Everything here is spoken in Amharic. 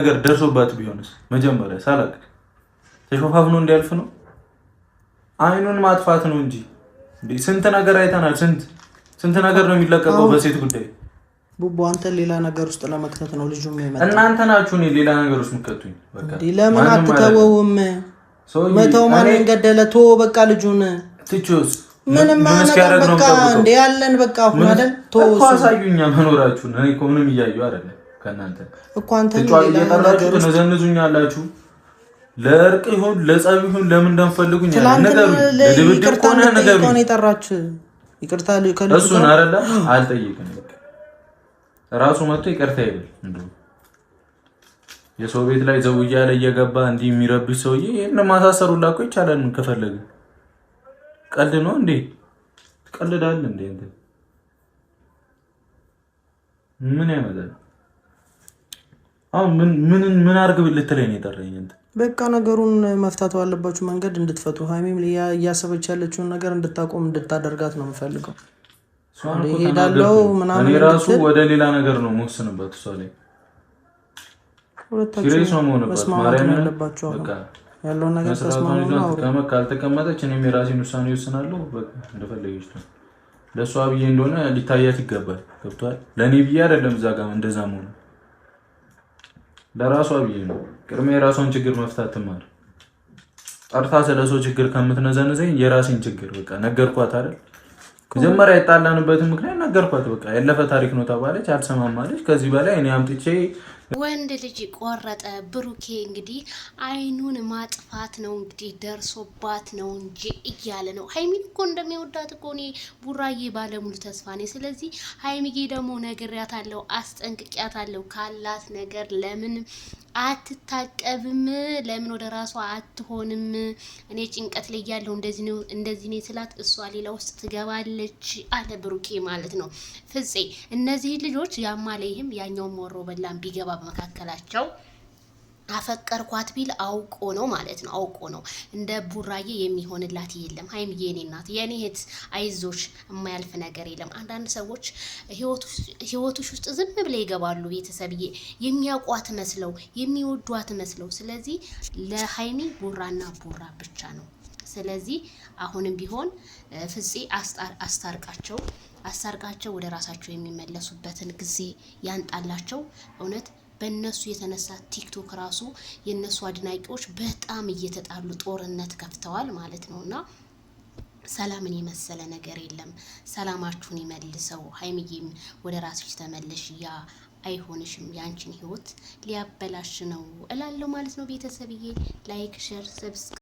ነገር ደርሶባት ቢሆንስ? መጀመሪያ ሳላቅድ ተሾፋፍኖ እንዲያልፍ ነው። አይኑን ማጥፋት ነው እንጂ ስንት ነገር አይተናል። ስንት ስንት ነገር ነው የሚለቀቀው በሴት ጉዳይ። ቡቡ አንተ ሌላ ነገር ውስጥ ለመክተት ነው ልጁ የሚመጣው። እናንተ ናችሁ ሌላ ነገር ውስጥ የምትከቱኝ። ለምን አትተወውም? መተው ማን እንገደለ ቶ በቃ ልጁን ትችስ ምንም ያለን በቃ አሁን አይደል? ቶ አሳዩኛ መኖራችሁን እኔ እኮ ምንም እያየሁ አይደለም ከእናንተ እኮ አንተ አላችሁ ለእርቅ ይሁን ለጸብ ይሁን ለምን እንደምፈልጉኝ ነገሩ ለድብድብ እሱን አረላ አልጠይቅም። ራሱ መጥቶ ይቅርታ ይብል የሰው ቤት ላይ ዘውያ ላይ እየገባ እንዲህ የሚረብሽ ሰውዬ ይህን ማሳሰሩ ላኮ ይቻላል። ከፈለገ ቀልድ ነው እንዴ? ትቀልዳለህ እንዴ? ምን ያመጣል? ምን ምን አድርግ ልትለኝ ነው የጠራኝ? በቃ ነገሩን መፍታት ባለባችሁ መንገድ እንድትፈቱ ሀይሚም እያሰበች ያለችውን ነገር እንድታቆም እንድታደርጋት ነው የምፈልገው። ሄዳለው ምናምን ራሱ ወደ ሌላ ነገር ነው መወስንበት እሷ ላይ ያለውን ነገር ተስማሙ። ካልተቀመጠች እኔም የራሴን ውሳኔ ይወስናለሁ እንደፈለገች ነው። ለእሷ ብዬ እንደሆነ ሊታያት ይገባል። ገብቷል። ለእኔ ብዬ አይደለም እዛ ጋ እንደዛ መሆኑ ለራሷ ብዬ ነው። ቅድሜ የራሷን ችግር መፍታት ትማር። ጠርታ ስለ ሰው ችግር ከምትነዘንዘኝ የራሴን ችግር በቃ ነገርኳት አይደል? መጀመሪያ የጣላንበትን ምክንያት ነገርኳት። በቃ ያለፈ ታሪክ ነው ተባለች፣ አልሰማም ከዚህ በላይ እኔ አምጥቼ ወንድ ልጅ ቆረጠ። ብሩኬ እንግዲህ አይኑን ማጥፋት ነው እንግዲህ ደርሶባት ነው እንጂ እያለ ነው። ሀይሚን እኮ እንደሚወዳት እኮ እኔ ቡራዬ ባለሙሉ ተስፋ ነኝ። ስለዚህ ሀይሚጌ ደግሞ ነግሬያታለሁ፣ አስጠንቅቂያታለሁ። ካላት ነገር ለምን አትታቀብም? ለምን ወደ ራሷ አትሆንም? እኔ ጭንቀት ላይ ያለው እንደዚህ ነው ስላት እሷ ሌላ ውስጥ ትገባለች አለ ብሩኬ ማለት ነው። ፍጼ እነዚህ ልጆች ያማ ላይህም ያኛውም ወሮ በላም ቢገባ በመካከላቸው አፈቀርኳት ቢል አውቆ ነው ማለት ነው። አውቆ ነው። እንደ ቡራዬ የሚሆንላት የለም። ሀይሚዬ የኔ ናት የኔ እህት አይዞሽ፣ የማያልፍ ነገር የለም። አንዳንድ ሰዎች ህይወቶች ውስጥ ዝም ብለ ይገባሉ። ቤተሰብዬ የሚያውቋት መስለው የሚወዷት መስለው። ስለዚህ ለሀይሚ ቡራና ቡራ ብቻ ነው። ስለዚህ አሁንም ቢሆን ፍጼ አስታርቃቸው አስታርቃቸው ወደ ራሳቸው የሚመለሱበትን ጊዜ ያንጣላቸው እውነት በእነሱ የተነሳ ቲክቶክ ራሱ የእነሱ አድናቂዎች በጣም እየተጣሉ ጦርነት ከፍተዋል ማለት ነው እና ሰላምን የመሰለ ነገር የለም። ሰላማችሁን ይመልሰው። ሀይሚዬም ወደ ራስሽ ተመለሽ። ያ አይሆንሽም። ያንቺን ህይወት ሊያበላሽ ነው እላለሁ ማለት ነው። ቤተሰብዬ ላይክ፣ ሸር፣ ሰብስክ